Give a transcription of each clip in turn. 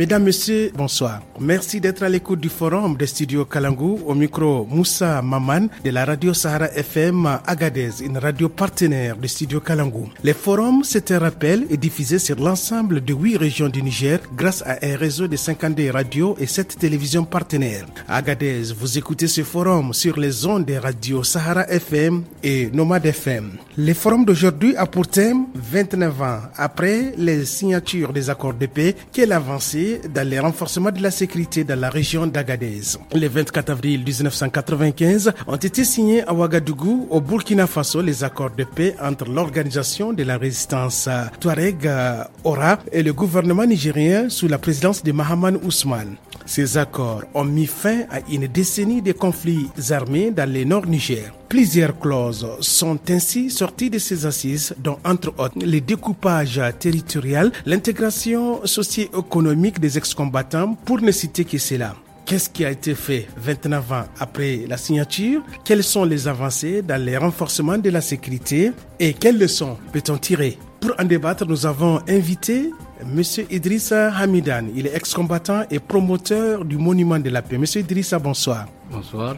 Mesdames, Messieurs, bonsoir. Merci d'être à l'écoute du forum des studios Kalangou. Au micro, Moussa Maman de la radio Sahara FM à Agadez, une radio partenaire de Studio Kalangou. Le forum, c'est un rappel, est diffusé sur l'ensemble de huit régions du Niger grâce à un réseau de 52 radios et 7 télévisions partenaires. Agadez, vous écoutez ce forum sur les ondes des radios Sahara FM et Nomad FM. Le forum d'aujourd'hui a pour thème 29 ans après les signatures des accords de paix, quelle avancée dans les renforcements de la sécurité dans la région d'Agadez. Le 24 avril 1995 ont été signés à Ouagadougou, au Burkina Faso, les accords de paix entre l'organisation de la résistance Touareg euh, Ora et le gouvernement nigérien sous la présidence de Mahaman Ousmane. Ces accords ont mis fin à une décennie de conflits armés dans le nord Niger. Plusieurs clauses sont ainsi sorties de ces assises, dont entre autres les découpages territorial, l'intégration socio-économique des ex-combattants, pour ne citer que cela. Qu'est-ce qui a été fait 29 ans après la signature Quelles sont les avancées dans les renforcements de la sécurité Et quelles leçons peut-on tirer Pour en débattre, nous avons invité Monsieur Idrissa Hamidan, il est ex-combattant et promoteur du Monument de la Paix. Monsieur Idrissa, bonsoir. Bonsoir.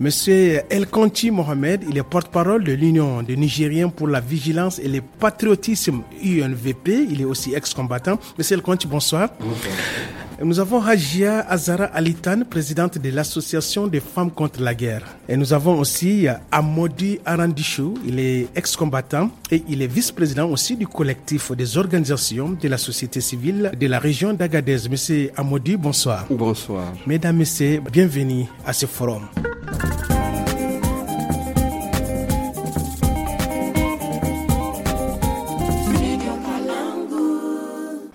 Monsieur El Conti Mohamed, il est porte-parole de l'Union des Nigériens pour la vigilance et le patriotisme UNVP. Il est aussi ex-combattant. Monsieur El Conti, bonsoir. Bonsoir nous avons Rajia Azara Alitan, présidente de l'Association des femmes contre la guerre. Et nous avons aussi euh, Amodi Arandichou, il est ex-combattant et il est vice-président aussi du collectif des organisations de la société civile de la région d'Agadez. Monsieur Amodi, bonsoir. Bonsoir. Mesdames, et Messieurs, bienvenue à ce forum.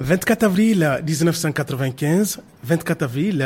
24 avril 1995, 24 avril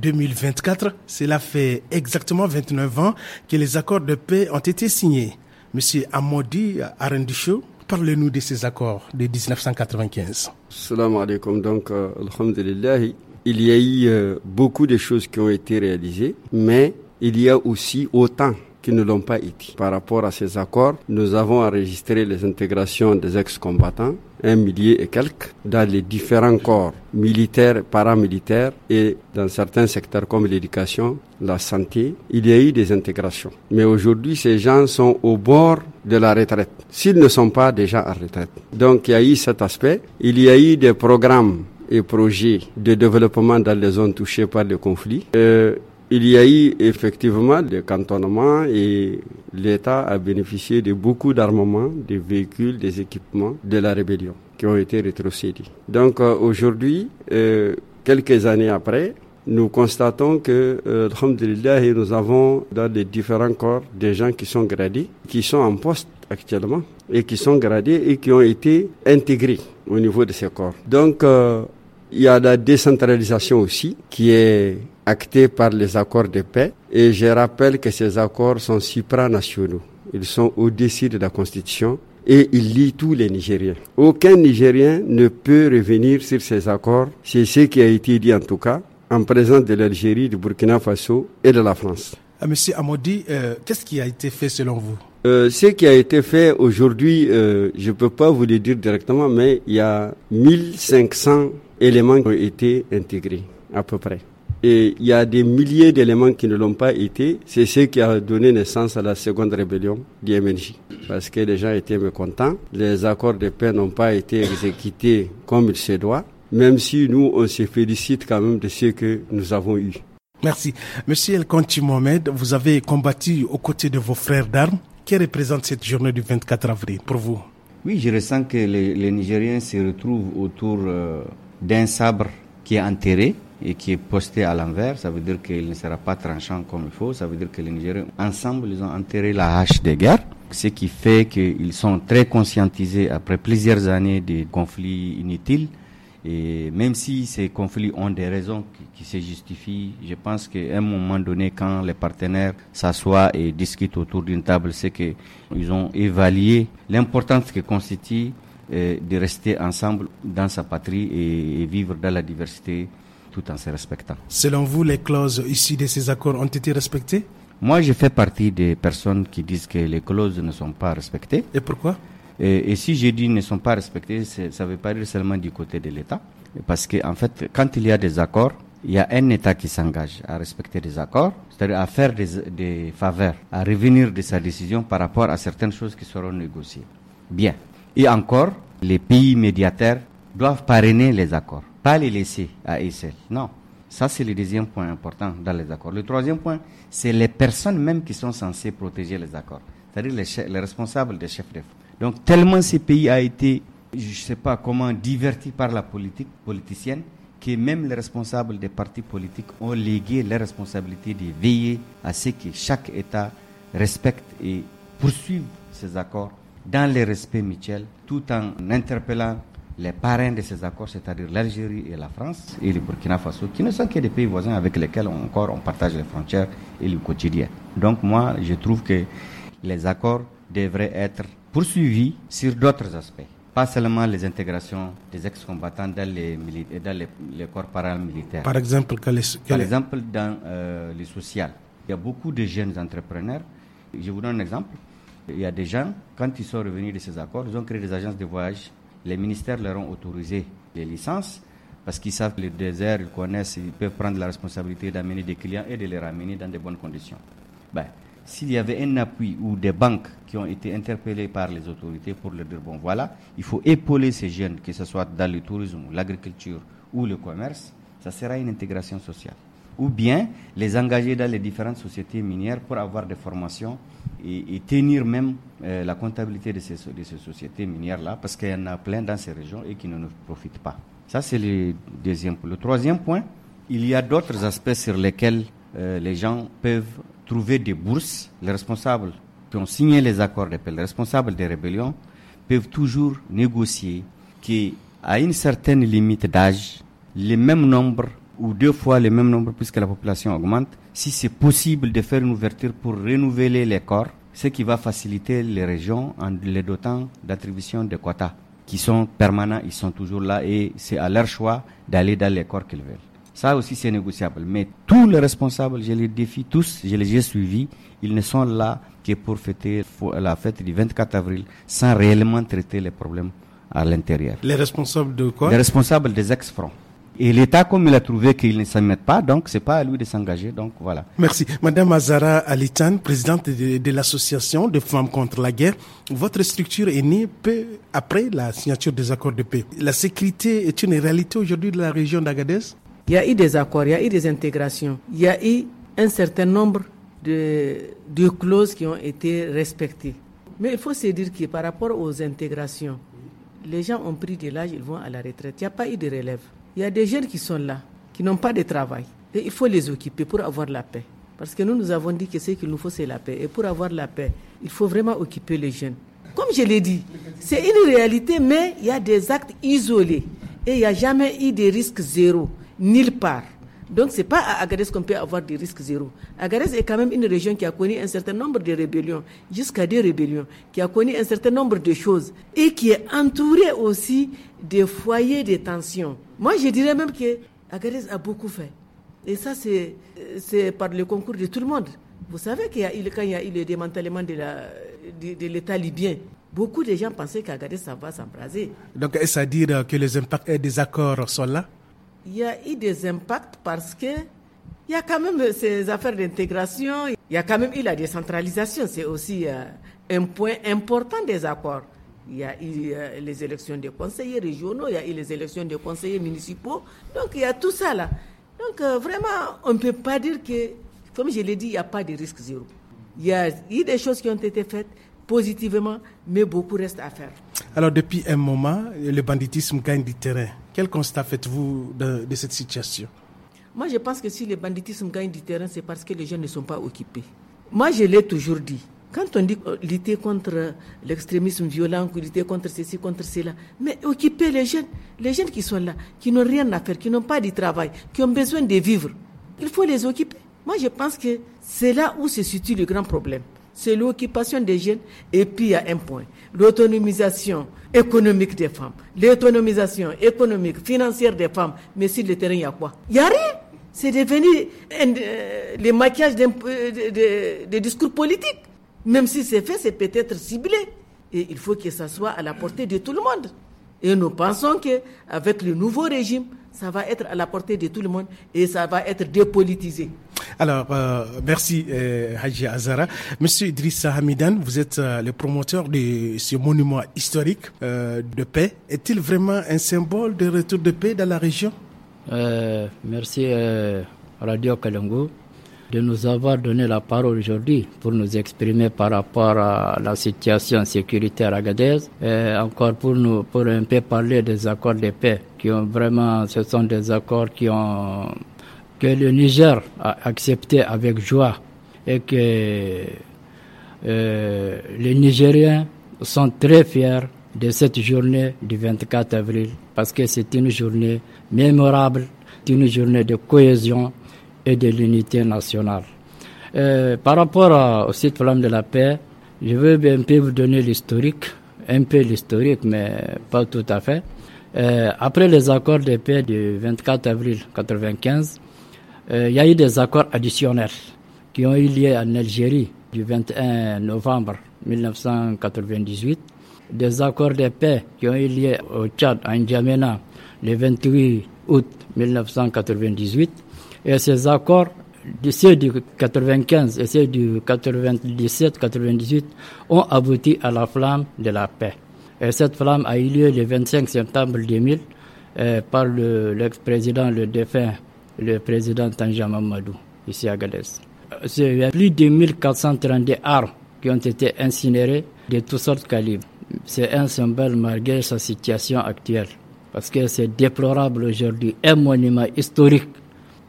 2024, cela fait exactement 29 ans que les accords de paix ont été signés. Monsieur Amodi Arendichou, parlez-nous de ces accords de 1995. Salam alaikum, donc, euh, alhamdulillah, il y a eu euh, beaucoup de choses qui ont été réalisées, mais il y a aussi autant qui ne l'ont pas été. Par rapport à ces accords, nous avons enregistré les intégrations des ex-combattants, un millier et quelques, dans les différents corps militaires, paramilitaires et dans certains secteurs comme l'éducation, la santé, il y a eu des intégrations. Mais aujourd'hui, ces gens sont au bord de la retraite, s'ils ne sont pas déjà en retraite. Donc il y a eu cet aspect. Il y a eu des programmes et projets de développement dans les zones touchées par le conflit. Euh, il y a eu effectivement des cantonnements et l'État a bénéficié de beaucoup d'armements, des véhicules, des équipements de la rébellion qui ont été rétrocédés. Donc euh, aujourd'hui, euh, quelques années après, nous constatons que, euh, alhamdulillah, nous avons dans les différents corps des gens qui sont gradés, qui sont en poste actuellement et qui sont gradés et qui ont été intégrés au niveau de ces corps. Donc, il y a la décentralisation aussi qui est actés par les accords de paix. Et je rappelle que ces accords sont supranationaux. Ils sont au-dessus de la Constitution et ils lient tous les Nigériens. Aucun Nigérien ne peut revenir sur ces accords. C'est ce qui a été dit en tout cas en présence de l'Algérie, du Burkina Faso et de la France. Ah, monsieur Amodi, euh, qu'est-ce qui a été fait selon vous euh, ce qui a été fait aujourd'hui, euh, je ne peux pas vous le dire directement, mais il y a 1500 éléments qui ont été intégrés, à peu près. Et il y a des milliers d'éléments qui ne l'ont pas été. C'est ce qui a donné naissance à la seconde rébellion du MNJ. Parce que les gens étaient mécontents. Les accords de paix n'ont pas été exécutés comme il se doit. Même si nous, on se félicite quand même de ce que nous avons eu. Merci. Monsieur El Mohamed, vous avez combattu aux côtés de vos frères d'armes. qui représente cette journée du 24 avril pour vous Oui, je ressens que les, Nigériens se retrouvent autour euh, d'un sabre qui est enterré et qui est posté à l'envers, ça veut dire qu'il ne sera pas tranchant comme il faut, ça veut dire que les Nigériens, ensemble, ils ont enterré la hache des guerres, ce qui fait qu'ils sont très conscientisés après plusieurs années de conflits inutiles. Et même si ces conflits ont des raisons qui, se justifient, je pense qu'à un moment donné, quand les partenaires s'assoient et discutent autour d'une table, c'est qu'ils ont évalué l'importance que constitue euh, de rester ensemble dans sa patrie et vivre dans la diversité tout en se respectant. Selon vous, les clauses ici de ces accords ont été respectées Moi, je fais partie des personnes qui disent que les clauses ne sont pas respectées. Et pourquoi et, si je dis ne sont pas respectées, ça ne veut pas dire seulement du côté de l'État. Parce que en fait, quand il y a des accords, il y a un État qui s'engage à respecter des accords, c'est-à-dire à faire des, des faveurs, à revenir de sa décision par rapport à certaines choses qui seront négociées. Bien. Et encore, les pays médiateurs doivent parrainer les accords pas les laisser à eux seuls. Non. Ça, c'est le deuxième point important dans les accords. Le troisième point, c'est les personnes même qui sont censées protéger les accords, c'est-à-dire les, responsables des chefs d'État. Donc, tellement ce pays a été, je ne sais pas comment, diverti par la politique politicienne, que même les responsables des partis politiques ont légué la responsabilité de veiller à ce que chaque État respecte et poursuive ces accords dans le respect mutuel tout en interpellant les parrains de ces accords, c'est-à-dire l'Algérie et la France et le Burkina Faso, qui ne sont que des pays voisins avec lesquels on, encore on partage les frontières et le quotidien. Donc moi, je trouve que les accords devraient être poursuivis sur d'autres aspects. Pas seulement les intégrations des ex-combattants dans, les, dans les, corps paramilitaires. Par exemple, Par exemple dans euh, le social. Il y a beaucoup de jeunes entrepreneurs. Je vous donne un exemple. Il y a des gens, quand ils sont revenus de ces accords, ils ont créé des agences de voyage les ministères leur ont autorisé les licences parce qu'ils savent le déserts, ils connaissent, ils peuvent prendre la responsabilité d'amener des clients et de les ramener dans de bonnes conditions. Ben, s'il y avait un appui ou des banques qui ont été interpellées par les autorités pour leur dire, bon voilà, il faut épauler ces jeunes, que ce soit dans le tourisme, l'agriculture ou le commerce, ça sera une intégration sociale. Ou bien les engager dans les différentes sociétés minières pour avoir des formations et, tenir même euh, la comptabilité de ces, sociétés minières-là, parce qu'il y en a plein dans ces régions et qui ne profitent pas. Ça, c'est le deuxième point. Le troisième point, il y a d'autres aspects sur lesquels euh, les gens peuvent trouver des bourses. Les responsables qui ont signé les accords de paix, les responsables des rébellions, peuvent toujours négocier qu'à une certaine limite d'âge, le même nombre ou deux fois le même nombre, puisque la population augmente, si c'est possible de faire une ouverture pour renouveler les corps, ce qui va faciliter les régions en les dotant d'attribution de quotas qui sont permanents, ils sont toujours là et c'est à leur choix d'aller dans les corps qu'ils veulent. Ça aussi, c'est négociable. Mais tous les responsables, je les défie tous, je les ai suivis, ils ne sont là que pour fêter la fête du 24 avril sans réellement traiter les problèmes à l'intérieur. Les responsables de quoi Les responsables des ex-fronts. Et l'État, comme il a trouvé qu'il ne s'en met pas, donc c'est pas à lui de s'engager. Donc voilà. Merci. Madame Azara Alitan, présidente de, l'association de femmes contre la guerre, votre structure est née peu après la signature des accords de paix. La sécurité est une réalité aujourd'hui de la région d'Agadez Il y a eu des accords, il y a eu des intégrations, il y a eu un certain nombre de, de clauses qui ont été respectées. Mais il faut se dire que par rapport aux intégrations, les gens ont pris de l'âge, ils vont à la retraite. Il n'y a pas eu de relève. Il y a des jeunes qui sont là, qui n'ont pas de travail. Et il faut les occuper pour avoir la paix. Parce que nous, nous avons dit que ce qu'il nous faut, c'est la paix. Et pour avoir la paix, il faut vraiment occuper les jeunes. Comme je l'ai dit, c'est une réalité, mais il y a des actes isolés. Et il n'y a jamais eu de risque zéro, nulle part. Donc, ce n'est pas à Agadez qu'on peut avoir des risques zéro. Agadez est quand même une région qui a connu un certain nombre de rébellions, jusqu'à des rébellions, qui a connu un certain nombre de choses et qui est entourée aussi des foyers de tension. Moi, je dirais même que Agadez a beaucoup fait. Et ça, c'est par le concours de tout le monde. Vous savez qu'il quand il y a eu le démantèlement de l'État libyen, beaucoup de gens pensaient qu'Agadez, ça va s'embraser. Donc, est-ce à dire que les impacts et des accords sont là il y a eu des impacts parce que il y a quand même ces affaires d'intégration, il y a quand même eu la décentralisation, c'est aussi euh, un point important des accords. Il y a eu euh, les élections des conseillers régionaux, il y a eu les élections des conseillers municipaux, donc il y a tout ça là. Donc euh, vraiment, on ne peut pas dire que, comme je l'ai dit, il n'y a pas de risque zéro. Il y a eu des choses qui ont été faites positivement, mais beaucoup reste à faire. Alors depuis un moment, le banditisme gagne du terrain. Quel constat faites-vous de, cette situation Moi, je pense que si le banditisme gagne du terrain, c'est parce que les jeunes ne sont pas occupés. Moi, je l'ai toujours dit. Quand on dit euh, lutter contre l'extrémisme violent, lutter contre ceci, contre cela, mais occuper les jeunes, les jeunes qui sont là, qui n'ont rien à faire, qui n'ont pas de travail, qui ont besoin de vivre, il faut les occuper. Moi, je pense que c'est là où se situe le grand problème c'est l'occupation des jeunes. Et puis, il y a un point, l'autonomisation économique des femmes, l'autonomisation économique, financière des femmes. Mais sur le terrain, il y a quoi Il n'y a rien. C'est devenu euh, le maquillage euh, des discours politiques. Même si c'est fait, c'est peut-être ciblé. Et il faut que ça soit à la portée de tout le monde. Et nous pensons que avec le nouveau régime, ça va être à la portée de tout le monde et ça va être dépolitisé. Alors, euh, merci euh, Haji Azara. Monsieur Idrissa Hamidan, vous êtes euh, le promoteur de ce monument historique euh, de paix. Est-il vraiment un symbole de retour de paix dans la région Merci Radio Kalongo de nous avoir donné la parole aujourd'hui pour nous exprimer par rapport à la situation sécuritaire à Gadez et encore pour nous pour un peu parler des accords de paix qui ont vraiment ce sont des accords qui ont que le Niger a accepté avec joie et que euh, les Nigériens sont très fiers de cette journée du 24 avril parce que c'est une journée mémorable, une journée de cohésion et de l'unité nationale. Euh, par rapport au site Flamme de la Paix, je veux un peu vous donner l'historique, un peu l'historique, mais pas tout à fait. Euh, après les accords de paix du 24 avril 1995, euh, il y a eu des accords additionnels qui ont eu lieu en Algérie du 21 novembre 1998, des accords de paix qui ont eu lieu au Tchad, en N'Djamena, le 28 août 1998, et ces accords, ceux du 95 et ceux du 97-98, ont abouti à la flamme de la paix. Et cette flamme a eu lieu le 25 septembre 2000 euh, par l'ex-président, le défunt le président Tanja Mamadou, ici à Gades. Euh, il y a plus de 1432 armes qui ont été incinérées de toutes sortes de calibres. C'est un symbole malgré sa situation actuelle. Parce que c'est déplorable aujourd'hui. Un monument historique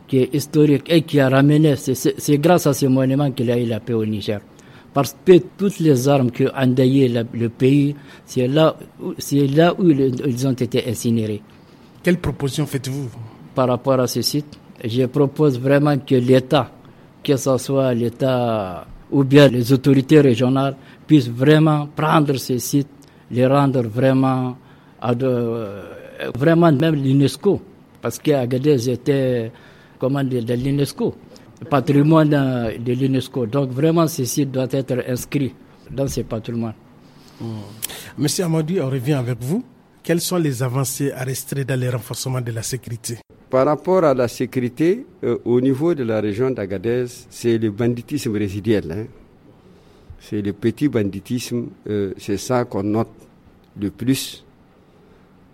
qui est historique et qui a ramené, c'est grâce à ce monument qu'il a eu la paix au Niger. Parce que toutes les armes qui ont le pays, c'est là, là où ils ont été incinérés. Quelle proposition faites-vous Par rapport à ce site, je propose vraiment que l'État, que ce soit l'État ou bien les autorités régionales, puissent vraiment prendre ces sites, les rendre vraiment à vraiment même l'UNESCO, parce qu'Agadez était, comment dire, de l'UNESCO, patrimoine euh, de l'UNESCO. Donc vraiment, ces sites doivent être inscrits dans ces patrimoines. Hmm. Monsieur Amadou, on revient avec vous. Quelles sont les avancées à rester dans le renforcement de la sécurité par rapport à la sécurité, euh, au niveau de la région d'Agadez, c'est le banditisme résiduel. Hein. C'est le petit banditisme, euh, c'est ça qu'on note le plus.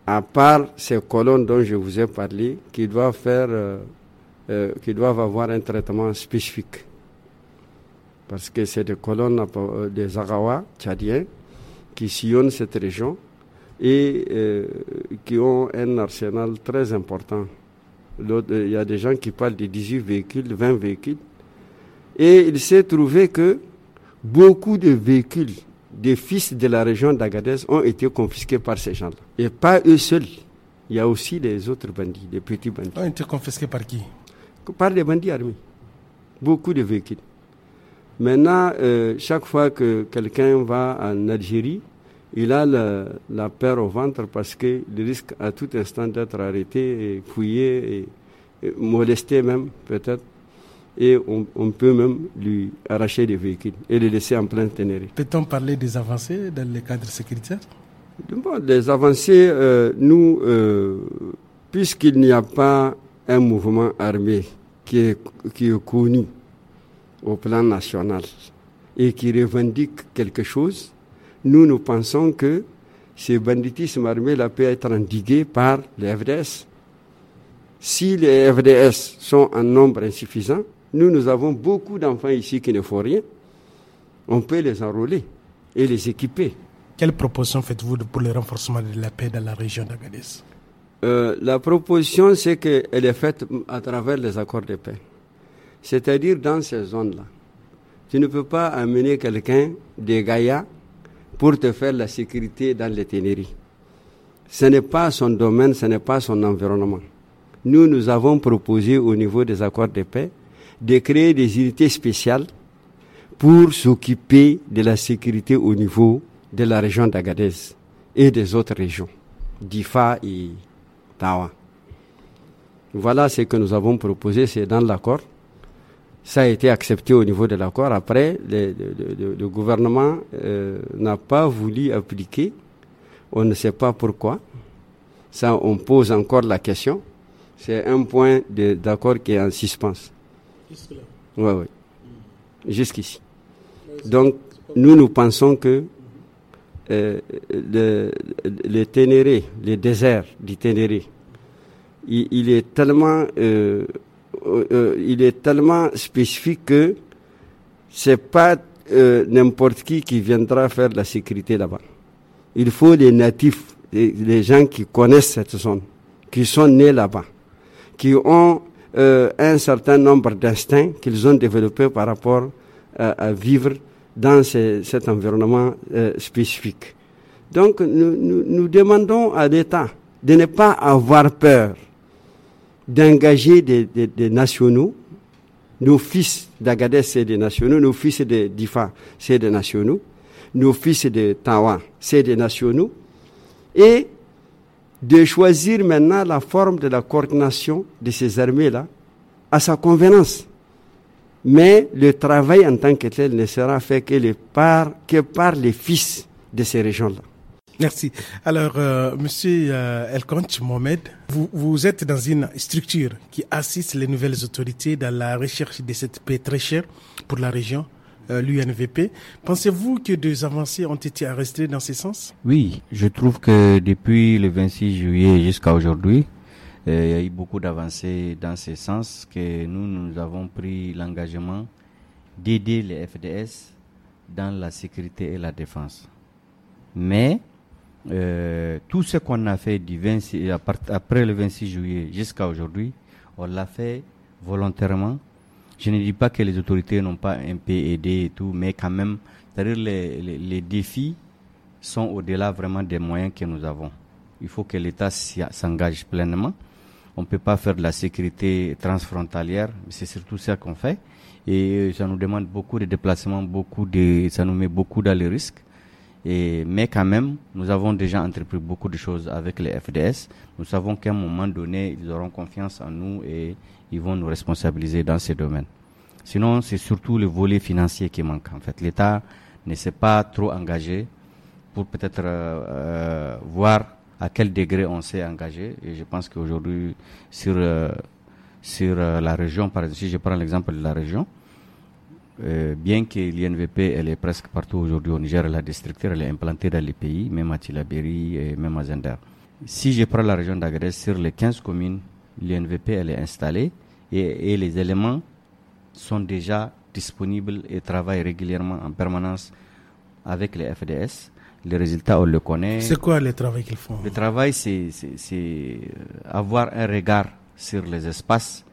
À part ces colonnes dont je vous ai parlé, qui doivent faire, euh, qui doivent avoir un traitement spécifique, parce que c'est des colonnes des Arawa tchadiens qui sillonnent cette région et qui ont un arsenal très important il y a des gens qui parlent de 18 véhicules, 20 véhicules. Et il s'est trouvé que beaucoup de véhicules des fils de la région d'Agadez ont été confisqués par ces gens-là. Et pas eux seuls. Il y a aussi des autres bandits, des petits bandits. Ont été confisqués par qui Par les bandits armés. Beaucoup de véhicules. Maintenant, euh, chaque fois que quelqu'un va en Algérie, il a la, peur au ventre parce qu'il risque à tout instant d'être arrêté, et fouillé, et, molesté même peut-être. Et on, peut même lui arracher des véhicules et le laisser en plein Ténéré. Peut-on parler des avancées dans le cadre sécuritaire Les avancées, euh, nous, euh, puisqu'il n'y a pas un mouvement armé qui qui est connu au plan national et qui revendique quelque chose, nous, nous pensons que ce banditisme armé la paix être endigué par les FDS. Si les FDS sont en nombre insuffisant, nous, nous avons beaucoup d'enfants ici qui ne font rien. On peut les enrôler et les équiper. Quelle proposition faites-vous pour le renforcement de la paix dans la région d'Agadez euh, La proposition, c'est qu'elle est faite à travers les accords de paix. C'est-à-dire dans ces zones-là. Tu ne peux pas amener quelqu'un des Gaïas pour te faire la sécurité dans les Ténéries. Ce n'est pas son domaine, ce n'est pas son environnement. Nous, nous avons proposé au niveau des accords de paix de créer des unités spéciales pour s'occuper de la sécurité au niveau de la région d'Agadez et des autres régions, d'Ifa et Tawa. Voilà ce que nous avons proposé, c'est dans l'accord. Ça a été accepté au niveau de l'accord. Après, le, gouvernement euh, n'a pas voulu appliquer. On ne sait pas pourquoi. Ça, on pose encore la question. C'est un point d'accord qui est en suspens. Jusque-là. Oui, oui. Hmm. Jusqu'ici. Donc, nous, nous pensons que hmm. euh, le, Ténéré, le désert du Ténéré, il, est tellement euh, euh, euh, il est tellement spécifique que c'est pas euh, n'importe qui qui viendra faire la sécurité là-bas. Il faut les natifs, les, gens qui connaissent cette zone, qui sont nés là-bas, qui ont un certain nombre d'instincts qu'ils ont développés par rapport à vivre dans cet environnement spécifique. Donc nous demandons à l'État de ne pas avoir peur d'engager des, nationaux. Nos fils d'Agadez, c'est des nationaux. Nos fils de d'Ifa, c'est des nationaux. Nos fils de Tawa, c'est des nationaux. Et de choisir maintenant la forme de la coordination de ces armées-là à sa convenance. Mais le travail en tant que tel ne sera fait que, par, que par les fils de ces régions-là. Merci. Alors, euh, Monsieur euh, Mohamed, vous, vous êtes dans une structure qui assiste les nouvelles autorités dans la recherche de cette paix très chère pour la région, euh, l'UNVP. Pensez-vous que des avancées ont été arrêtées dans ce sens Oui, je trouve que depuis le 26 juillet jusqu'à aujourd'hui, euh, il y a eu beaucoup d'avancées dans ce sens que nous, nous avons pris l'engagement d'aider les FDS dans la sécurité et la défense. Mais euh, tout ce qu'on a fait du 26, euh, après le 26 juillet jusqu'à aujourd'hui, on l'a fait volontairement. Je ne dis pas que les autorités n'ont pas un peu aidé et tout, mais quand même, c'est-à-dire les, les, défis sont au-delà vraiment des moyens que nous avons. Il faut que l'État s'engage pleinement. On ne peut pas faire de la sécurité transfrontalière, mais c'est surtout ça qu'on fait. Et euh, ça nous demande beaucoup de déplacements, beaucoup de, ça nous met beaucoup dans les risques mais quand même, nous avons déjà entrepris beaucoup de choses avec les FDS. Nous savons qu'à un moment donné, ils auront confiance en nous et ils vont nous responsabiliser dans ces domaines. Sinon, c'est surtout le volet financier qui manque. En fait, l'État ne s'est pas trop engagé pour peut-être euh, euh, voir à quel degré on s'est engagé. Et je pense qu'aujourd'hui, sur, euh, sur la région, par exemple, si je prends l'exemple de la région, euh, bien que l'INVP, elle est presque partout aujourd'hui au Niger, la districture elle est implantée dans les pays, même à Tilaberi et même à Zender. Si je prends la région d'Agadez, sur les 15 communes, l'INVP, elle est installée et, les éléments sont déjà disponibles et travaillent régulièrement en permanence avec les FDS. Les résultats, on le connaît. C'est quoi le travail qu'ils font Le travail, c'est avoir un regard sur les espaces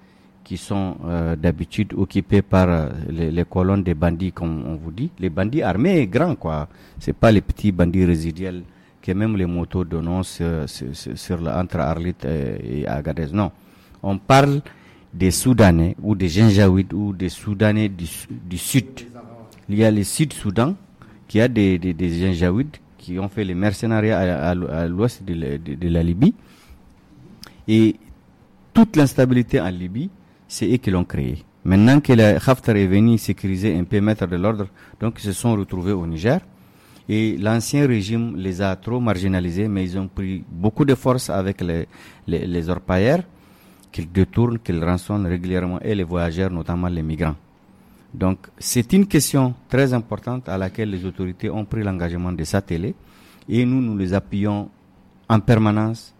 qui sont euh, d'habitude occupés par euh, les, colonnes des bandits, comme on vous dit. Les bandits armés grands. grand, quoi. C'est pas les petits bandits résiduels que même les motos donnent sur, entre Arlit et, Agadez. Non. On parle des Soudanais ou des Janjaouides ou des Soudanais du, Sud. Il y a le Sud-Soudan qui a des, des, qui ont fait les mercenariats à, l'ouest de la Libye. Et toute l'instabilité en Libye, c'est eux qui l'ont créé. Maintenant que le Haftar est venu sécuriser un peu, mettre de l'ordre, donc ils se sont retrouvés au Niger. Et l'ancien régime les a trop marginalisés, mais ils ont pris beaucoup de force avec les, les, les orpailleurs qu'ils détournent, qu'ils rançonnent régulièrement, et les voyageurs, notamment les migrants. Donc c'est une question très importante à laquelle les autorités ont pris l'engagement de s'atteler, et nous, nous les appuyons en permanence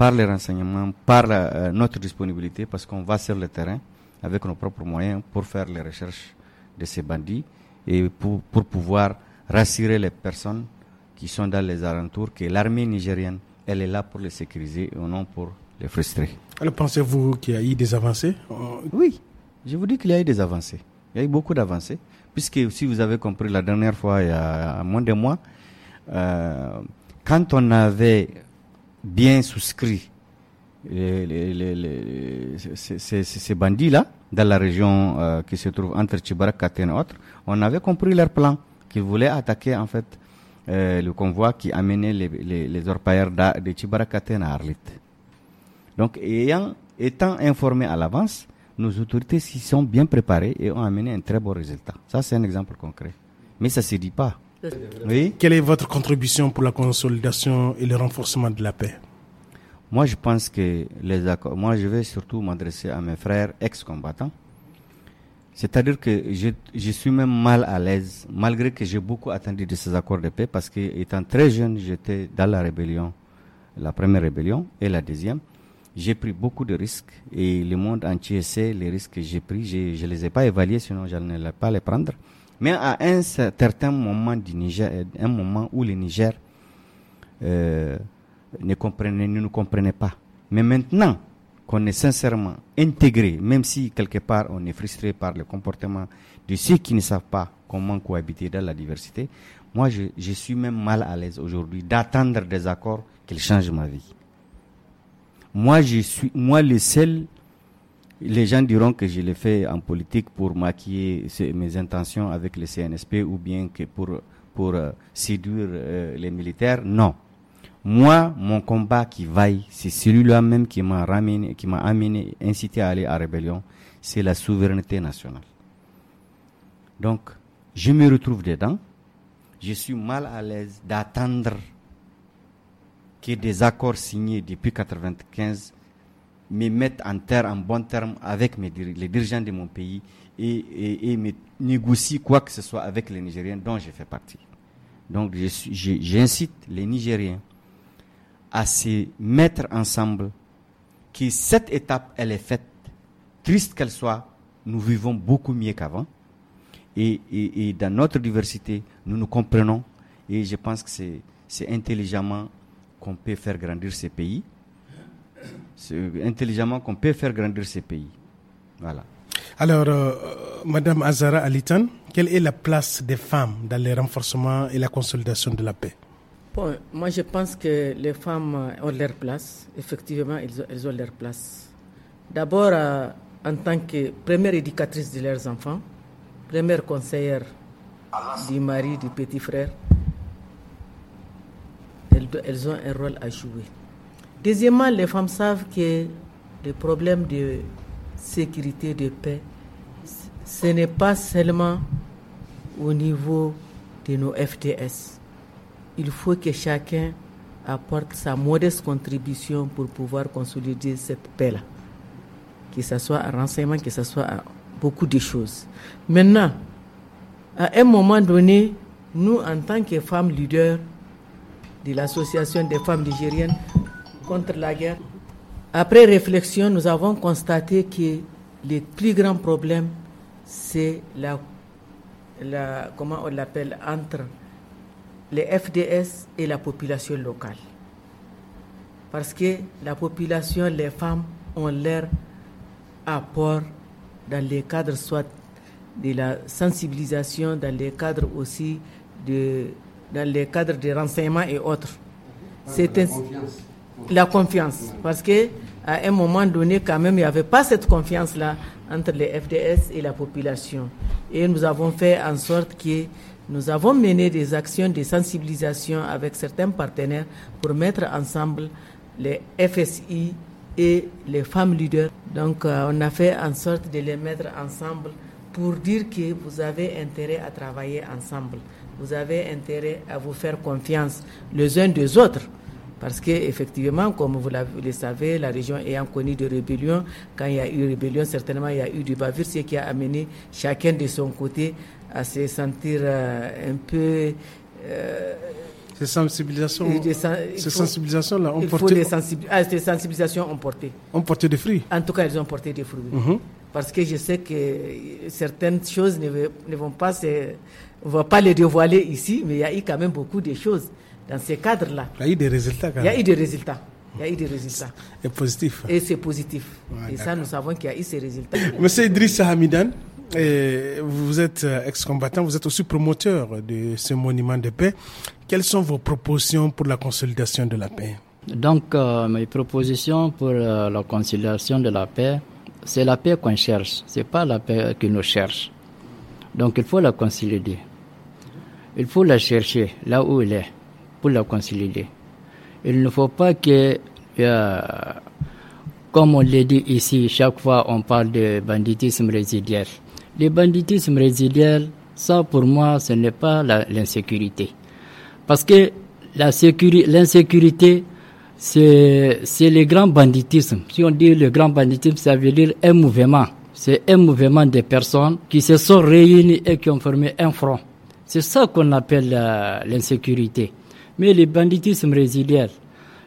par les renseignements, par euh, notre disponibilité, parce qu'on va sur le terrain avec nos propres moyens pour faire les recherches de ces bandits et pour, pour pouvoir rassurer les personnes qui sont dans les alentours que l'armée nigérienne, elle est là pour les sécuriser et non pour les frustrer. Alors pensez-vous qu'il y a eu des avancées euh, Oui, je vous dis qu'il y a eu des avancées. Il y a eu beaucoup d'avancées, puisque si vous avez compris la dernière fois, il y a moins de mois, euh, quand on avait bien souscrit ces, bandits-là dans la région euh, qui se trouve entre Chibarak, et autres, on avait compris leur plan, qu'ils voulaient attaquer en fait euh, le convoi qui amenait les, les, orpailleurs de Chibarak, à Arlit. Donc, ayant, étant informés à l'avance, nos autorités s'y sont bien préparées et ont amené un très bon résultat. Ça, c'est un exemple concret. Mais ça ne se dit pas. Oui. Quelle est votre contribution pour la consolidation et le renforcement de la paix Moi, je pense que les accords. Moi, je vais surtout m'adresser à mes frères ex-combattants. C'est-à-dire que je, suis même mal à l'aise, malgré que j'ai beaucoup attendu de ces accords de paix, parce que étant très jeune, j'étais dans la rébellion, la première rébellion et la deuxième. J'ai pris beaucoup de risques et le monde entier sait les risques que j'ai pris. Je ne les ai pas évalués, sinon je n'allais pas les prendre. Mais à un certain moment du Niger, euh, un moment où le Niger euh, ne comprenait, nous comprenait pas. Mais maintenant qu'on est sincèrement intégré, même si quelque part on est frustré par le comportement de ceux qui ne savent pas comment cohabiter dans la diversité, moi je, suis même mal à l'aise aujourd'hui d'attendre des accords qui changent ma vie. Moi je suis, moi le seul les gens diront que je l'ai fait en politique pour maquiller mes intentions avec le CNSP ou bien que pour, pour euh, séduire euh, les militaires. Non. Moi, mon combat qui vaille, c'est celui-là même qui m'a ramené, qui m'a amené, incité à aller à rébellion, c'est la souveraineté nationale. Donc, je me retrouve dedans. Je suis mal à l'aise d'attendre que des accords signés depuis 1995 me mettre en terre, en bon terme avec les dirigeants de mon pays et, me négocier quoi que ce soit avec les Nigériens dont je fais partie. Donc j'incite les Nigériens à se mettre ensemble, que cette étape, elle est faite. Triste qu'elle soit, nous vivons beaucoup mieux qu'avant. Et, et, dans notre diversité, nous nous comprenons. Et je pense que c'est intelligemment qu'on peut faire grandir ces pays intelligemment qu'on peut faire grandir ces pays. Voilà. Alors, euh, euh, Madame Azara Alitan, quelle est la place des femmes dans le renforcement et la consolidation de la paix Moi, je pense que les femmes euh, ont leur place. Effectivement, elles ont, leur place. D'abord, en tant que première éducatrice de leurs enfants, première conseillère du mari, du petit frère, elles ont un rôle à jouer. Deuxièmement, les femmes savent que les problèmes de sécurité, de paix, ce n'est pas seulement au niveau de nos FTS. Il faut que chacun apporte sa modeste contribution pour pouvoir consolider cette paix-là, que ce soit en renseignement, que ce soit à beaucoup de choses. Maintenant, à un moment donné, nous, en tant que femmes leaders de l'Association des femmes nigériennes, contre la guerre. Après réflexion, nous avons constaté que le plus grand problème, c'est la, la, comment on l'appelle, entre les FDS et la population locale. Parce que la population, les femmes, ont leur apport dans les cadres soit de la sensibilisation, dans les cadres aussi de, dans les cadres de renseignements et autres. C'est la confiance. Parce que à un moment donné, quand même, il n'y avait pas cette confiance-là entre les FDS et la population. Et nous avons fait en sorte que nous avons mené des actions de sensibilisation avec certains partenaires pour mettre ensemble les FSI et les femmes leaders. Donc, euh, on a fait en sorte de les mettre ensemble pour dire que vous avez intérêt à travailler ensemble. Vous avez intérêt à vous faire confiance les uns des autres. Parce qu'effectivement, comme vous le savez, la région ayant connu des rébellions, quand il y a eu rébellion, certainement il y a eu du bavure, ce qui a amené chacun de son côté à se sentir euh, un peu. Euh, ces sensibilisations, là ont porté. Les ah, ces sensibilisations ont porté. Ont porté des fruits. En tout cas, elles ont porté des fruits. Mm-hmm. Parce que je sais que certaines choses ne, vont pas se, on va pas les dévoiler ici, mais il y a eu quand même beaucoup de choses dans ces cadres là Il y a eu des résultats Il y a eu des résultats. y a des résultats. Et positif. Et c'est positif. et ça, nous savons qu'il y a eu ces résultats. Monsieur Idrissa Hamidan, eh, vous êtes euh, ex-combattant, vous êtes aussi promoteur de ce monument de paix. Quelles sont vos propositions pour la consolidation de la paix Donc, euh, mes propositions pour euh, la consolidation de la paix, c'est la paix qu'on cherche, c'est pas la paix qui nous cherche. Donc, il faut la consolider. Il faut la chercher là où elle est pour la concilier. Il ne faut pas que, euh, comme on l'a dit ici, chaque fois on parle de banditisme résiduel. Le banditisme résiduel, ça pour moi, ce n'est pas l'insécurité. Parce que l'insécurité, c'est le grand banditisme. Si on dit le grand banditisme, ça veut dire un mouvement. C'est un mouvement de personnes qui se sont réunies et qui ont formé un front. C'est ça qu'on appelle euh, l'insécurité. Mais les banditisme résiduel,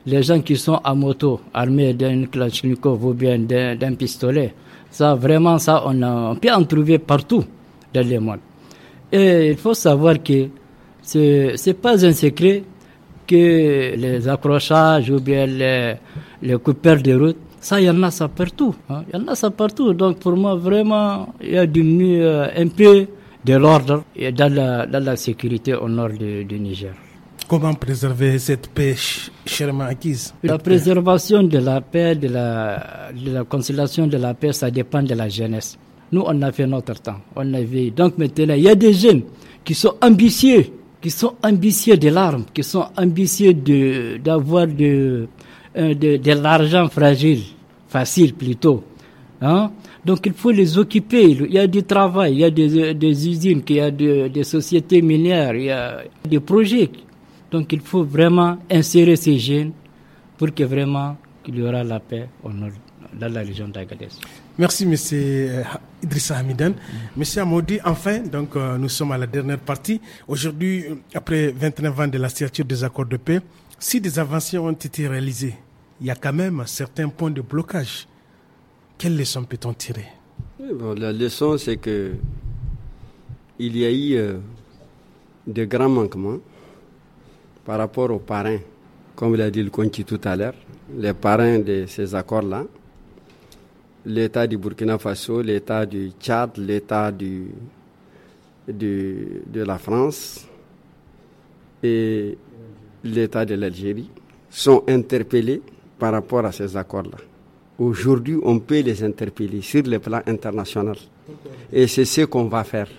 les gens qui sont à moto, armés d'un klachnikov ou bien d'un pistolet, ça, vraiment, ça, on, peut en trouver partout dans les monde. Et il faut savoir que ce n'est pas un secret que les accrochages ou bien les, coupeurs de route, ça, il y en a ça partout. Hein. Il y en a ça partout. Donc, pour moi, vraiment, il y a diminué euh, un peu de l'ordre dans la, dans la sécurité au nord du Niger. Comment préserver cette paix chèrement acquise La préservation de la paix, de la, la conciliation de la paix, ça dépend de la jeunesse. Nous, on a fait notre temps, on a Donc maintenant, il y a des jeunes qui sont ambitieux, qui sont ambitieux de l'arme, qui sont ambitieux d'avoir de, de, euh, de, de l'argent fragile, facile plutôt. Hein Donc il faut les occuper. Il y a du travail, il y a des, des usines, il y a des sociétés minières, il y a des projets donc il faut vraiment insérer ces jeunes pour que vraiment qu'il y aura la paix dans la région d'Agadez. Merci, M. Idrissa Hamidan. Monsieur mm. Amoudi, enfin, donc, euh, nous sommes à la dernière partie. Aujourd'hui, après 29 ans de la signature des accords de paix, si des avancées ont été réalisées, il y a quand même certains points de blocage. Quelles leçons peut-on tirer La leçon, c'est que il y a eu euh, de grands manquements par rapport aux parrains, comme l'a dit le Conti tout à l'heure, les parrains de ces accords-là, l'État du Burkina Faso, l'État du Tchad, l'État du, de la France et l'État de l'Algérie sont interpellés par rapport à ces accords-là. Aujourd'hui, on peut les interpeller sur le plan international. Et c'est ce qu'on va faire.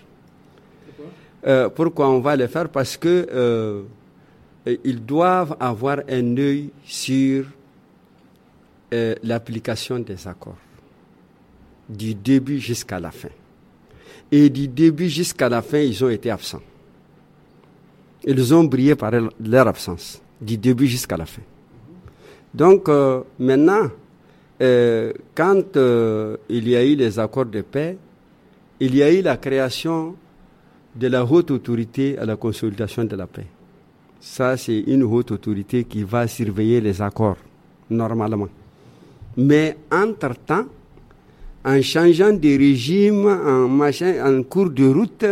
Euh, pourquoi, on va le faire Parce que euh, ils doivent avoir un œil sur euh, l'application des accords, du début jusqu'à la fin. Et du début jusqu'à la fin, ils ont été absents. Ils ont brillé par leur absence, du début jusqu'à la fin. Donc euh, maintenant, euh, quand il y a eu les accords de paix, il y a eu la création de la haute autorité à la consultation de la paix ça c'est une haute autorité qui va surveiller les accords, normalement. Mais entre-temps, en changeant de régime, en, machin, en cours de route,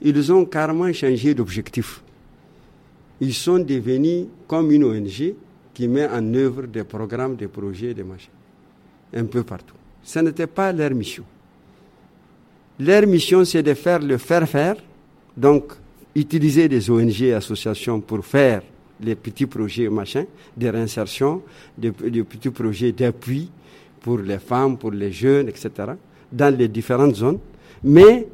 ils ont carrément changé d'objectif. Ils sont devenus comme une ONG qui met en œuvre des programmes, des projets, des machins, un peu partout. Ce n'était pas leur mission. Leur mission, c'est de faire le faire-faire, donc utiliser des ONG et associations pour faire les petits projets machin de réinsertion, des, petits projets d'appui pour les femmes, pour les jeunes, etc., dans les différentes zones. Mais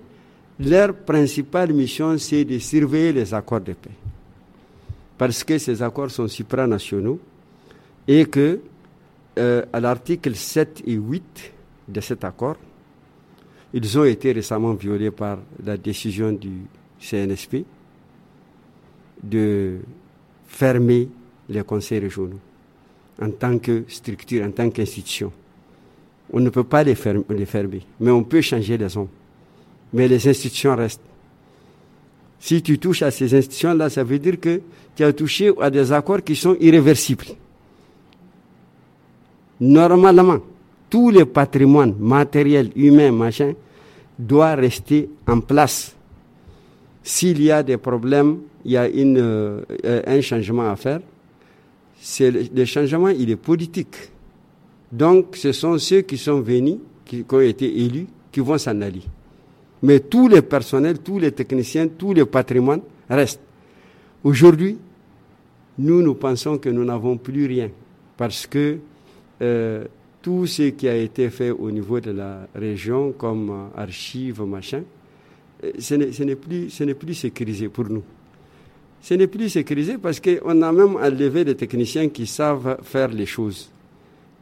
leur principale mission, c'est de surveiller les accords de paix. Parce que ces accords sont supranationaux et que, euh, à l'article 7 et 8 de cet accord, ils ont été récemment violés par la décision du c'est un esprit de fermer les conseils régionaux en tant que structure, en tant qu'institution. On ne peut pas les fermer, mais on peut changer les hommes. Mais les institutions restent. Si tu touches à ces institutions-là, ça veut dire que tu as touché à des accords qui sont irréversibles. Normalement, tous les patrimoines matériels, humains, machin, doit rester en place s'il y a des problèmes, il y a une, euh, un changement à faire. C'est le, changement, il est politique. Donc, ce sont ceux qui sont venus, qui, ont été élus, qui vont s'en aller. Mais tous les personnels, tous les techniciens, tous les patrimoines restent. Aujourd'hui, nous, nous pensons que nous n'avons plus rien parce que euh, tout ce qui a été fait au niveau de la région comme euh, archives, machin, euh, ce n'est plus, plus sécurisé pour nous. Ce n'est plus sécurisé parce qu'on a même enlevé des techniciens qui savent faire les choses.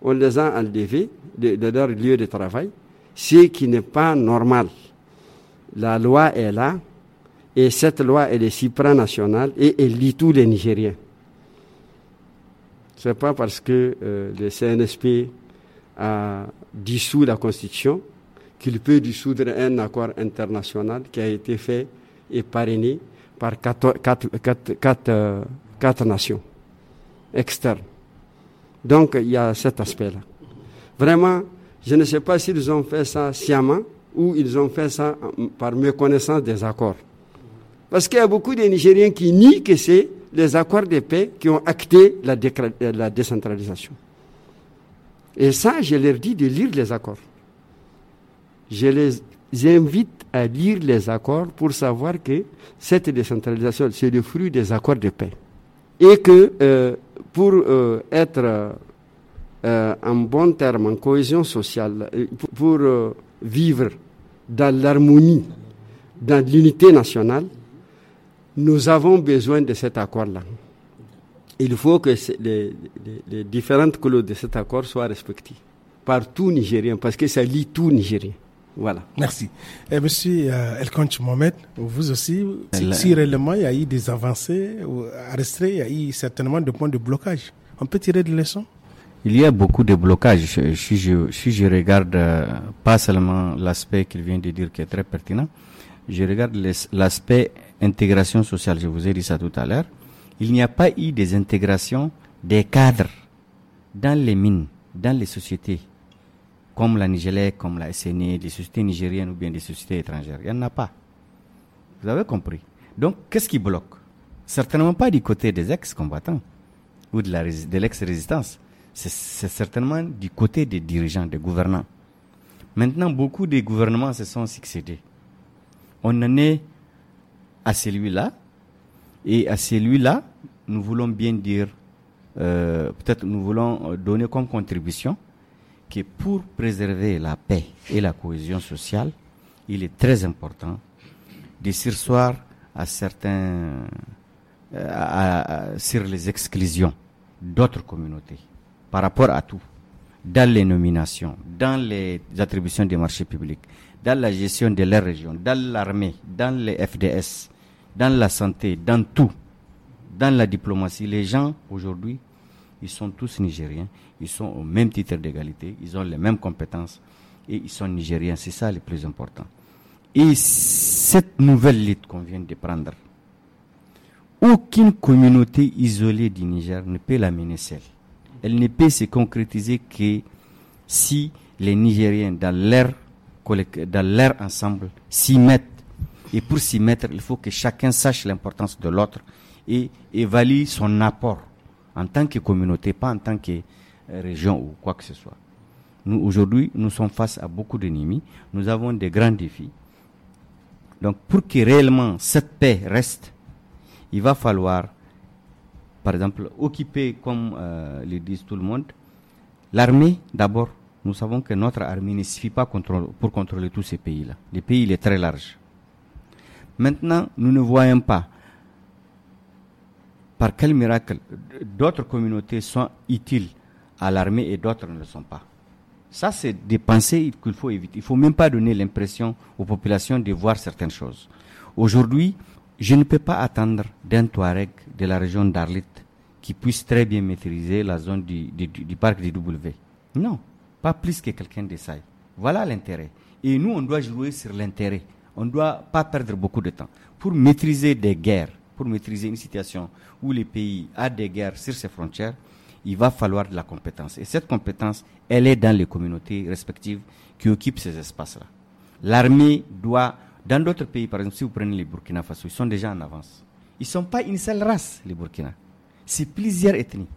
On les a enlevés de, leur lieu de travail, ce qui n'est pas normal. La loi est là, et cette loi, elle est supranationale et elle lit tous les Nigériens. Ce n'est pas parce que euh, le CNSP a dissous la Constitution qu'il peut dissoudre un accord international qui a été fait et parrainé par euh, quatre, nations externes. Donc il y a cet aspect-là. Vraiment, je ne sais pas s'ils ont fait ça sciemment ou ils ont fait ça par méconnaissance des accords. Parce qu'il y a beaucoup de Nigériens qui nient que c'est les accords de paix qui ont acté la, la décentralisation. Et ça, je leur dis de lire les accords je les invite à lire les accords pour savoir que cette décentralisation, c'est le fruit des accords de paix. Et que euh, pour euh, être euh, en bon terme, en cohésion sociale, pour, vivre dans l'harmonie, dans l'unité nationale, nous avons besoin de cet accord-là. Il faut que les, différentes clauses de cet accord soient respectées par tout Nigérien, parce que ça lit tout Nigérien. Voilà. Merci. Et eh, monsieur euh, El Elkonch Mohamed, vous aussi, si, réellement il y a eu des avancées ou rester, il y a eu certainement des points de blocage. On peut tirer des leçons Il y a beaucoup de blocages. Si je, je regarde euh, pas seulement l'aspect qu'il vient de dire qui est très pertinent, je regarde l'aspect intégration sociale. Je vous ai dit ça tout à l'heure. Il n'y a pas eu des intégrations des cadres dans les mines, dans les sociétés comme la Nigéria, comme la SNE, des sociétés nigériennes ou bien des sociétés étrangères. Il n'y en a pas. Vous avez compris. Donc, qu'est-ce qui bloque Certainement pas du côté des ex-combattants ou de l'ex-résistance. C'est certainement du côté des dirigeants, des gouvernants. Maintenant, beaucoup des gouvernements se sont succédés. On en est à celui-là, et à celui-là, nous voulons bien dire, euh, peut-être nous voulons euh, donner comme contribution que pour préserver la paix et la cohésion sociale, il est très important de sursoir à certains, euh, sur les exclusions d'autres communautés par rapport à tout, dans les nominations, dans les attributions des marchés publics, dans la gestion de la région, dans l'armée, dans les FDS, dans la santé, dans tout, dans la diplomatie. Les gens aujourd'hui ils sont tous nigériens, ils sont au même titre d'égalité, ils ont les mêmes compétences et ils sont nigériens. C'est ça le plus important. Et cette nouvelle lutte qu'on vient de prendre, aucune communauté isolée du Niger ne peut la seule. Elle ne peut se concrétiser que si les Nigériens, dans leur, dans leur ensemble, s'y mettent. Et pour s'y mettre, il faut que chacun sache l'importance de l'autre et évalue son apport en tant que communauté, pas en tant que euh, région ou quoi que ce soit. Nous, aujourd'hui, nous sommes face à beaucoup d'ennemis. Nous avons des grands défis. Donc, pour que réellement cette paix reste, il va falloir, par exemple, occuper, comme euh, le disent tout le monde, l'armée d'abord. Nous savons que notre armée ne suffit pas pour contrôler tous ces pays-là. Le pays, il est très large. Maintenant, nous ne voyons pas par quel miracle D'autres communautés sont utiles à l'armée et d'autres ne le sont pas. Ça, c'est des pensées qu'il faut éviter. Il ne faut même pas donner l'impression aux populations de voir certaines choses. Aujourd'hui, je ne peux pas attendre d'un Touareg de la région d'Arlit qui puisse très bien maîtriser la zone du, parc du W. Non, pas plus que quelqu'un de Voilà l'intérêt. Et nous, on doit jouer sur l'intérêt. On ne doit pas perdre beaucoup de temps. Pour maîtriser des guerres, pour maîtriser une situation où le pays a des guerres sur ses frontières, il va falloir de la compétence. Et cette compétence, elle est dans les communautés respectives qui occupent ces espaces-là. L'armée doit, dans d'autres pays, par exemple, si vous prenez les Burkina Faso, ils sont déjà en avance. Ils ne sont pas une seule race, les Burkina. C'est plusieurs ethnies.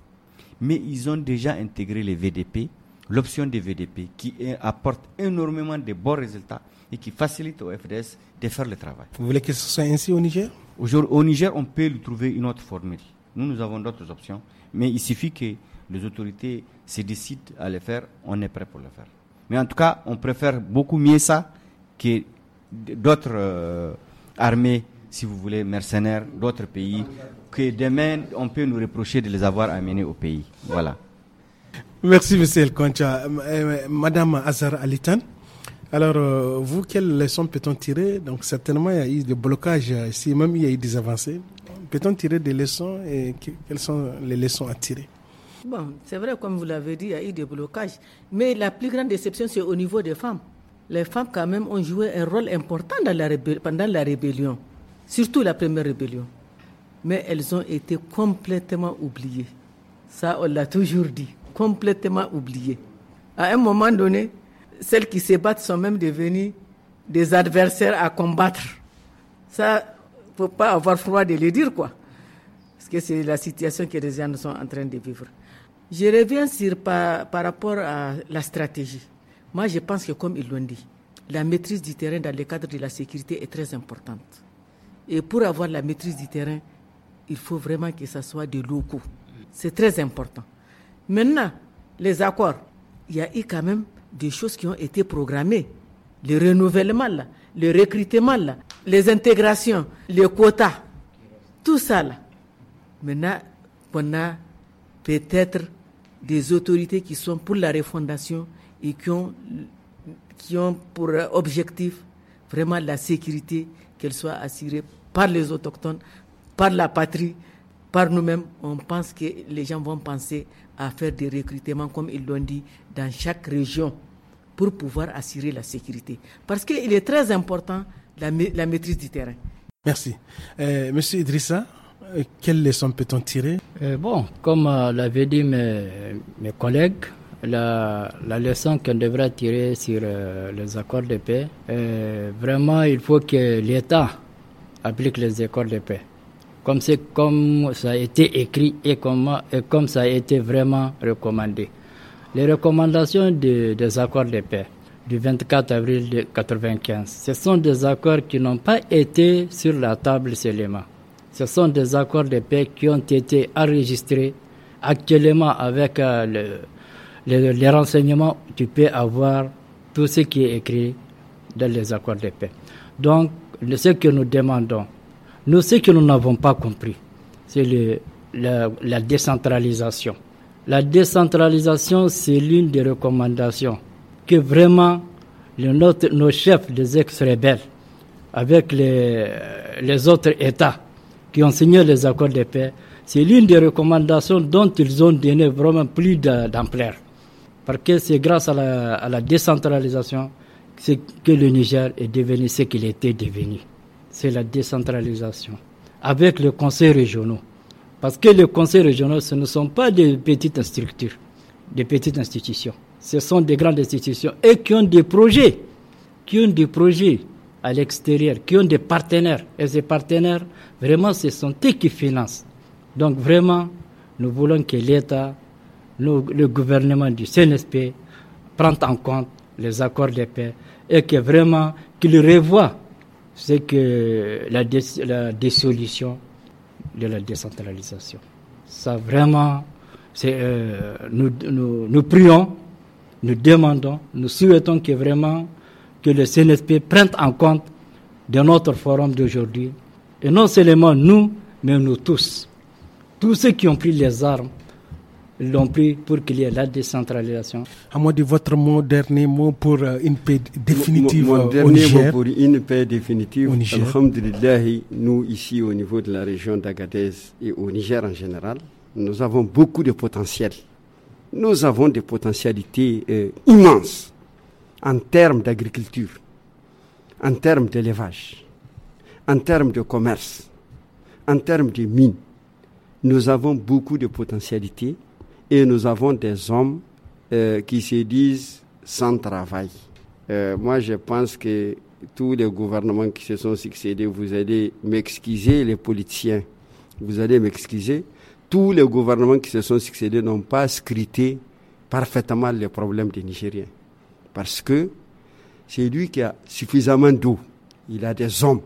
Mais ils ont déjà intégré les VDP, l'option des VDP, qui apporte énormément de bons résultats et qui facilite au FDS de faire le travail. Vous voulez que ce soit ainsi au Niger Aujourd'hui, au Niger, on peut lui trouver une autre formule. Nous, nous avons d'autres options, mais il suffit que les autorités se décident à le faire, on est prêt pour le faire. Mais en tout cas, on préfère beaucoup mieux ça que d'autres euh, armées, si vous voulez, mercenaires, d'autres pays, que demain, on peut nous reprocher de les avoir amenés au pays. Voilà. Merci, monsieur El Concha. Euh, euh, Madame Azar Alitan. Alors, euh, vous, quelles leçons peut-on tirer Donc, certainement, il y a eu des blocages, si même il y a eu des avancées. Peut-on tirer des leçons et quelles sont les leçons à tirer Bon, c'est vrai, comme vous l'avez dit, il y a eu des blocages. Mais la plus grande déception, c'est au niveau des femmes. Les femmes, quand même, ont joué un rôle important pendant la rébellion, surtout la première rébellion. Mais elles ont été complètement oubliées. Ça, on l'a toujours dit, complètement oubliées. À un moment donné, celles qui se battent sont même devenues des adversaires à combattre. Ça, il ne faut pas avoir froid de le dire, quoi. Parce que c'est la situation que les gens sont en train de vivre. Je reviens sur, par, par rapport à la stratégie. Moi, je pense que, comme ils l'ont dit, la maîtrise du terrain dans le cadre de la sécurité est très importante. Et pour avoir la maîtrise du terrain, il faut vraiment que ça soit de locaux. C'est très important. Maintenant, les accords, il y a eu quand même des choses qui ont été programmées. Le renouvellement, le recrutement, les intégrations, les quotas, tout ça. Maintenant, on a peut-être des autorités qui sont pour la refondation et qui ont, qui ont pour objectif vraiment la sécurité, qu'elle soit assurée par les autochtones, par la patrie, par nous-mêmes. On pense que les gens vont penser à faire des recrutements, comme ils l'ont dit, dans chaque région pour pouvoir assurer la sécurité. Parce qu'il est très important la, maîtrise du terrain. Merci. Euh, Monsieur Idrissa, quelles euh, quelle leçon peut-on tirer euh, Bon, comme l'avaient dit mes, mes collègues, la, leçon qu'on devra tirer sur les accords de paix, vraiment, il faut que l'État applique les accords de paix. Comme, comme ça a été écrit et, comment, et comme ça a été vraiment recommandé. Les recommandations des accords de paix du 24 avril 1995, ce sont des accords qui n'ont pas été sur la table seulement. Ce sont des accords de paix qui ont été enregistrés actuellement avec euh, les, renseignements tu peux avoir tout ce qui est écrit dans les accords de paix. Donc, ce que nous demandons, nous, ce que nous n'avons pas compris, c'est la décentralisation. La décentralisation, c'est l'une des recommandations que vraiment nos chefs des ex-rebelles, avec les, autres États qui ont signé les accords de paix, c'est l'une des recommandations dont ils ont donné vraiment plus d'ampleur. Parce que c'est grâce à la, à la décentralisation que le Niger est devenu ce qu'il était devenu. C'est la décentralisation. Avec les conseils régionaux. Parce que les conseils régionaux, ce ne sont pas des petites structures, des petites institutions. Ce sont des grandes institutions et qui ont des projets, qui ont des projets à l'extérieur, qui ont des partenaires. Et ces partenaires, vraiment, ce sont eux qui financent. Donc, vraiment, nous voulons que l'État, le gouvernement du CNSP, prenne en compte les accords de paix et que vraiment, qu'il revoie ce que la, la dissolution de la décentralisation. Ça vraiment, c'est, euh, nous, prions, nous demandons, nous souhaitons que vraiment que le CNSP prenne en compte de notre forum d'aujourd'hui. Et non seulement nous, mais nous tous. Tous ceux qui ont pris les armes l'ont pris pour qu'il y ait la décentralisation. À moi de votre mot, dernier mot pour euh, une paix définitive mon euh, dernier au Niger. Mot pour une paix définitive. Au Niger. nous ici au niveau de la région d'Agadez et au Niger en général, nous avons beaucoup de potentiel. Nous avons des potentialités euh, immenses en termes d'agriculture, en termes d'élevage, en termes de commerce, en termes de mines. Nous avons beaucoup de potentialités et nous avons des hommes euh, qui se disent sans travail. Euh, moi, je pense que tous les gouvernements qui se sont succédés, vous allez m'excuser, les politiciens, vous allez m'excuser. Tous les gouvernements qui se sont succédés n'ont pas scruté parfaitement les problèmes des Nigériens. Parce que c'est lui qui a suffisamment d'eau. Il a des hommes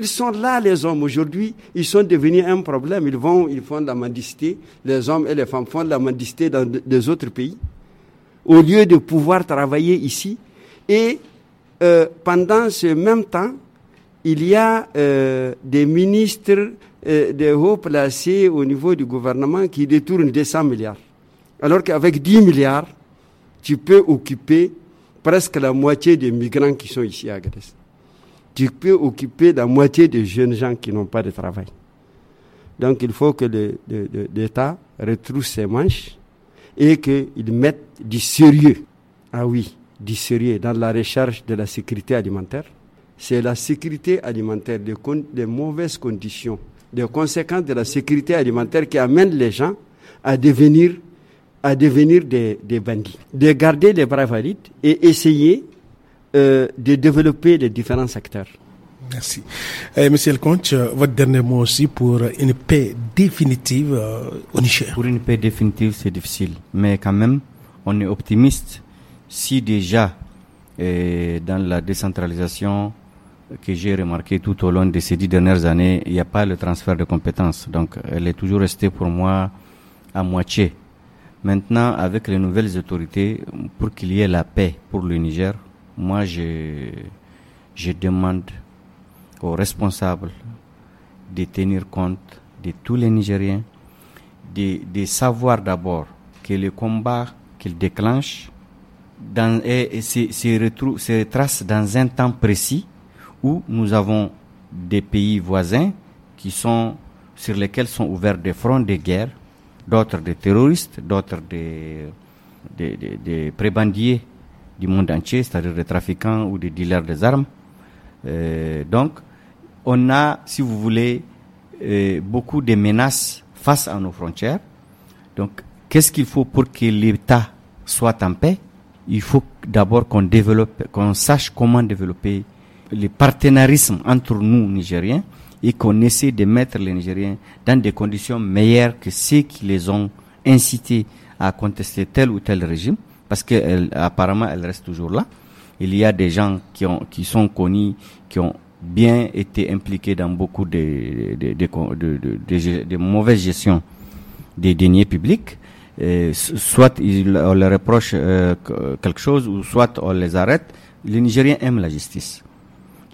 ils sont là, les hommes. Aujourd'hui, ils sont devenus un problème. Ils vont, ils font de la mendicité. Les hommes et les femmes font de la mendicité dans des autres pays. Au lieu de pouvoir travailler ici. Et euh, pendant ce même temps, il y a euh, des ministres, euh, des hauts placés au niveau du gouvernement qui détournent 200 milliards. Alors qu'avec 10 milliards, tu peux occuper presque la moitié des migrants qui sont ici à Grèce tu peux occuper la moitié des jeunes gens qui n'ont pas de travail. Donc il faut que l'État retrouve ses manches et qu'il mette du sérieux. Ah oui, du sérieux dans la recherche de la sécurité alimentaire. C'est la sécurité alimentaire, les, mauvaises conditions, des conséquences de la sécurité alimentaire qui amènent les gens à devenir, à devenir des, des bandits. De garder les bras valides et essayer euh, de développer les différents secteurs. Merci. Eh, Monsieur le comte, euh, votre dernier mot aussi pour une paix définitive euh, au Niger. Pour une paix définitive, c'est difficile. Mais quand même, on est optimiste. Si déjà, dans la décentralisation que j'ai remarqué tout au long de ces dix dernières années, il n'y a pas le transfert de compétences. Donc, elle est toujours restée pour moi à moitié. Maintenant, avec les nouvelles autorités, pour qu'il y ait la paix pour le Niger, moi, je, je demande aux responsables de tenir compte de tous les Nigériens, de, savoir d'abord que le combat qu'ils déclenchent dans, se, retrouve, se retrace dans un temps précis où nous avons des pays voisins qui sont, sur lesquels sont ouverts des fronts de guerre, d'autres des terroristes, d'autres des, des, des prébandiers du monde entier, c'est-à-dire des trafiquants ou des dealers des armes. Euh, donc, on a, si vous voulez, euh, beaucoup de menaces face à nos frontières. Donc, qu'est-ce qu'il faut pour que l'État soit en paix Il faut d'abord qu'on développe, qu'on sache comment développer le partenarisme entre nous, Nigériens, et qu'on essaie de mettre les Nigériens dans des conditions meilleures que ceux qui les ont incités à contester tel ou tel régime parce qu'apparemment, elle, elle reste toujours là. Il y a des gens qui, ont, qui sont connus, qui ont bien été impliqués dans beaucoup de, de, de, mauvaises gestions des deniers publics. soit on leur reproche euh, quelque chose ou soit on les arrête. Les Nigériens aiment la justice.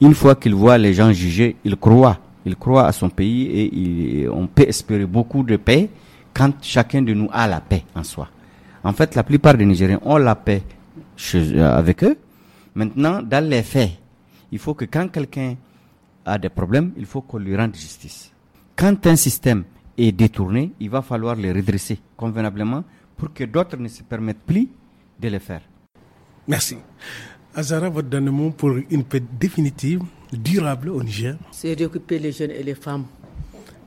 Une fois qu'ils voient les gens jugés, ils croient. Ils croient à son pays et, et on peut espérer beaucoup de paix quand chacun de nous a la paix en soi. En fait, la plupart des Nigériens ont la paix euh, avec eux. Maintenant, dans les faits, il faut que quand quelqu'un a des problèmes, il faut qu'on lui rende justice. Quand un système est détourné, il va falloir le redresser convenablement pour que d'autres ne se permettent plus de le faire. Merci. Azara, votre dernier mot pour une paix définitive, durable au Niger C'est d'occuper les jeunes et les femmes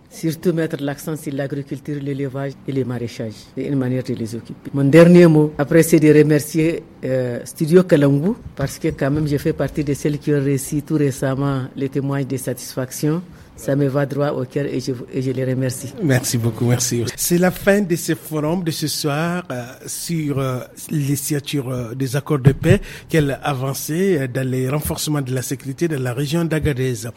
surtout mettre l'accent sur l'agriculture, l'élevage et les maraîchages, C'est une manière de les occuper. Mon dernier mot, après, c'est de remercier euh, Studio Kalangu, parce que quand même, je fais partie de celles qui ont réussi tout récemment les témoignages de satisfaction ça me va droit au cœur et je, et je les remercie. Merci beaucoup, merci. C'est la fin de ce forum de ce soir euh, sur euh, les signatures euh, des accords de paix, quelle euh, dans les renforcements de la sécurité de la région d'Agadez.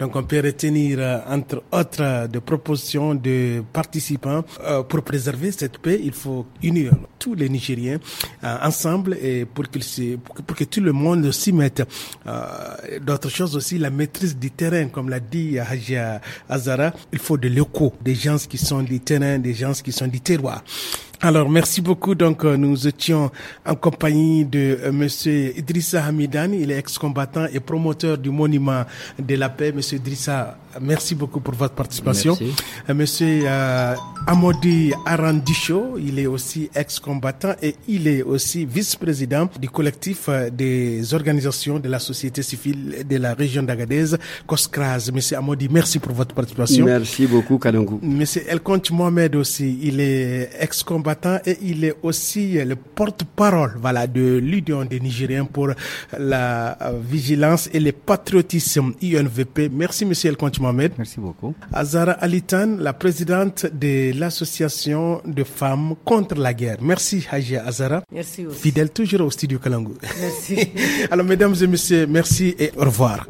Donc on peut retenir entre autres de propositions de participants pour préserver cette paix, il faut unir tous les Nigériens ensemble et pour, pour, que, tout le monde s'y mette. D'autres choses aussi, la maîtrise du terrain, comme l'a dit Haji à, euh, il faut des locaux, des gens qui sont du terrain, des gens qui sont du terroir. Alors, merci beaucoup. Donc, euh, nous étions en compagnie de euh, Monsieur Idrissa Hamidan. Il est ex-combattant et promoteur du monument de la paix. Monsieur Idrissa, merci beaucoup pour votre participation. Euh, monsieur euh, Amodi Arandicho, il est aussi ex-combattant et il est aussi vice-président du collectif des organisations de la société civile de la région d'Agadez, COSCRAS. Monsieur Amodi, merci pour votre participation. Merci beaucoup, Kadungu. Monsieur Elkonch Mohamed aussi, il est ex-combattant et il est aussi le porte-parole voilà, de l'Union des Nigériens pour la euh, vigilance et le patriotisme INVP. Merci, monsieur El Mohamed. Merci beaucoup. Azara Alitan, la présidente de l'association de femmes contre la guerre. Merci, Hajia Azara. Merci aussi. Fidèle toujours au studio Kalangu. Merci. Alors, mesdames et messieurs, merci et au revoir.